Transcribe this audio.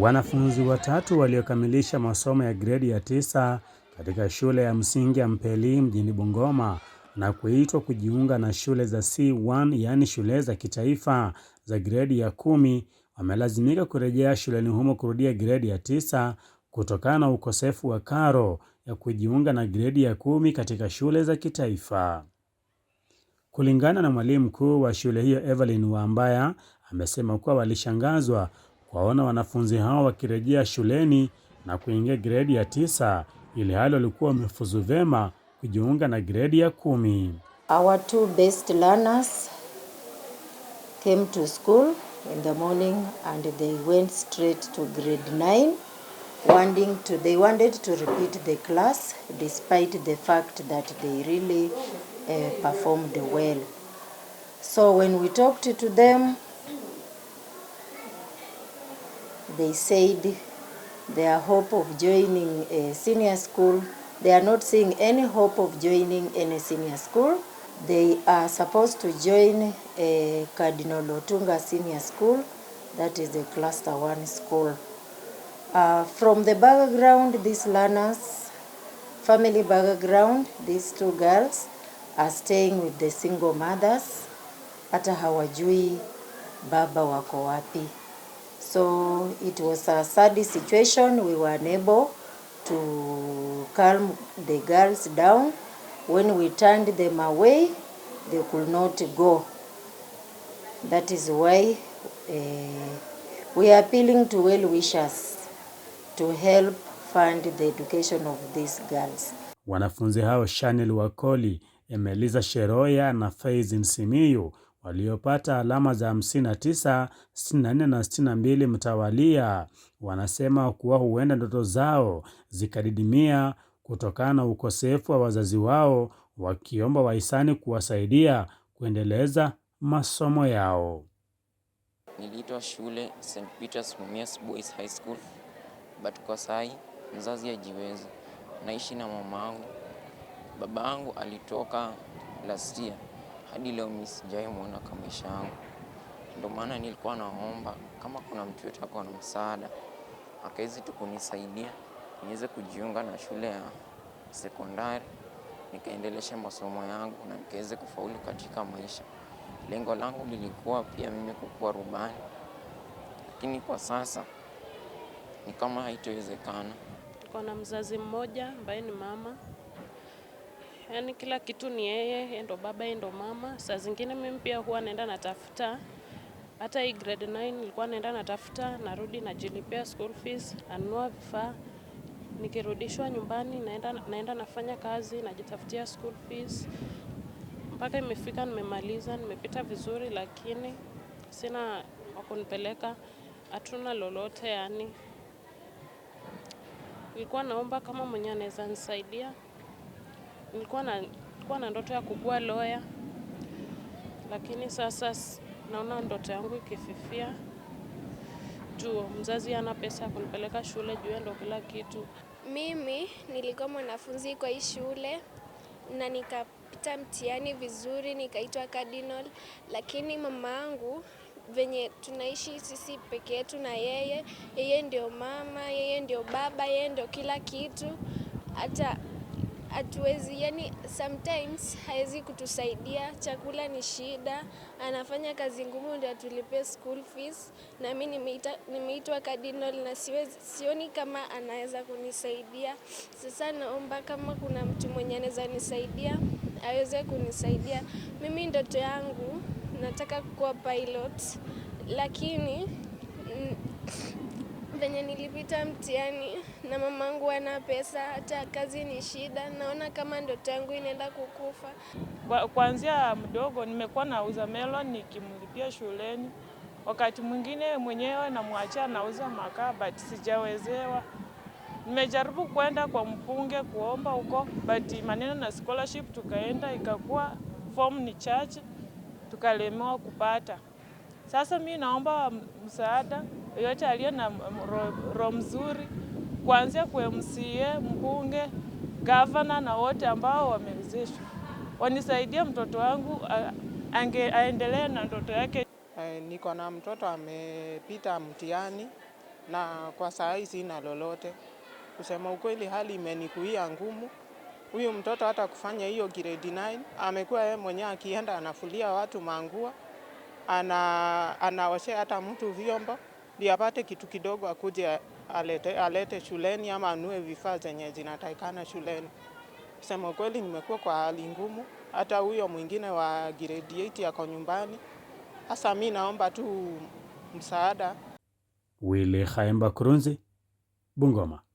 Wanafunzi watatu waliokamilisha masomo ya gredi ya tisa katika shule ya msingi ya Mpeli mjini Bungoma na kuitwa kujiunga na shule za C1 yaani shule za kitaifa za gredi ya kumi wamelazimika kurejea shuleni humo kurudia gredi ya tisa kutokana na ukosefu wa karo ya kujiunga na gredi ya kumi katika shule za kitaifa. Kulingana na mwalimu mkuu wa shule hiyo Evelyn Wambaya amesema kuwa walishangazwa kuwaona wanafunzi hao wakirejea shuleni na kuingia gredi ya tisa ili hali walikuwa wamefuzu vema kujiunga na gredi ya kumi. Our two best learners came to school in the morning and they went straight to grade 9 wanting to they wanted to repeat the class despite the fact that they really uh, performed well. So when we talked to them they said their hope of joining a senior school they are not seeing any hope of joining any senior school they are supposed to join a Cardinal Otunga senior school that is a cluster one school uh, from the background these learners family background these two girls are staying with the single mothers hata hawajui baba wako wapi So it was a sad situation. We were unable to calm the girls down. When we turned them away, they could not go. That is why uh, we are appealing to well-wishers to help fund the education of these girls. Wanafunzi hao Shanel Wakoli, Emeliza Sheroya na Faiz Nsimiyu waliopata alama za 59, 64 na 62 mtawalia, wanasema kuwa huenda ndoto zao zikadidimia kutokana na ukosefu wa wazazi wao, wakiomba wahisani kuwasaidia kuendeleza masomo yao. Niliitwa shule St. Peter's Mumias Boys High School, but kwa sai mzazi ajiwezi, naishi na mama angu. Baba angu alitoka last year hadi leo mimi sijawahi muona kwa maisha yangu. Ndio maana nilikuwa naomba kama kuna mtu yote ako na msaada akawezi tu kunisaidia niweze kujiunga na shule ya sekondari nikaendeleshe masomo yangu na nikaweze kufaulu katika maisha. Lengo langu lilikuwa pia mimi kukuwa rubani, lakini kwa sasa ni kama haitowezekana. Niko na mzazi mmoja ambaye ni mama yani kila kitu ni yeye, ndo baba, ndo mama. Saa zingine mimi pia huwa naenda natafuta hata hii grade 9 nilikuwa naenda natafuta, narudi najilipia school fees, nanunua vifaa. Nikirudishwa nyumbani naenda, naenda nafanya kazi, najitafutia school fees. Mpaka imefika nimemaliza, nimepita vizuri, lakini sina wa kunipeleka, hatuna lolote yani. Nilikuwa naomba kama mwenye anaweza nisaidia nilikuwa na, kuwa na ndoto ya kukua lawyer, lakini sasa naona ndoto yangu ikififia juu mzazi ana pesa ya kunipeleka shule juu ndo kila kitu. Mimi nilikuwa mwanafunzi kwa hii shule na nikapita mtihani vizuri, nikaitwa cardinal, lakini mama yangu venye tunaishi sisi peke yetu na yeye, yeye ndio mama, yeye ndio baba, yeye ndio kila kitu hata hatuwezi yani, sometimes hawezi kutusaidia, chakula ni shida, anafanya kazi ngumu ndio atulipe school fees, na mimi nimeitwa cardinal na siwezi, sioni kama anaweza kunisaidia. Sasa naomba kama kuna mtu mwenye anaweza nisaidia aweze kunisaidia. Mimi ndoto yangu nataka kuwa pilot, lakini venye nilipita mtihani na mamangu ana pesa, hata kazi ni shida. Naona kama ndoto yangu inaenda kukufa. Kuanzia mdogo nimekuwa nauza melon nikimlipia shuleni, wakati mwingine mwenyewe namwachia nauza makaa, but sijawezewa. Nimejaribu kwenda kwa mpunge kuomba huko, but maneno na scholarship tukaenda, ikakuwa form ni chache, tukalemewa kupata. Sasa mi naomba msaada yote aliyo na roho mzuri, kuanzia kwa MCA, mbunge, gavana na wote ambao wamewezeshwa, wanisaidie mtoto wangu ange, aendelee na ndoto yake. E, niko na mtoto amepita mtihani na kwa saa hii sina lolote kusema ukweli, hali imenikuia ngumu. Huyu mtoto hata kufanya hiyo grade 9 amekuwa yeye mwenyewe akienda anafulia watu mangua, ana anaoshea hata mtu vyombo ndio apate kitu kidogo akuje alete, alete shuleni ama anue vifaa zenye zinatakikana shuleni. Kusema kweli, nimekuwa kwa hali ngumu, hata huyo mwingine wa grade 8 yako nyumbani. Sasa mi naomba tu msaada. Wile Khaemba Kurunzi, Bungoma.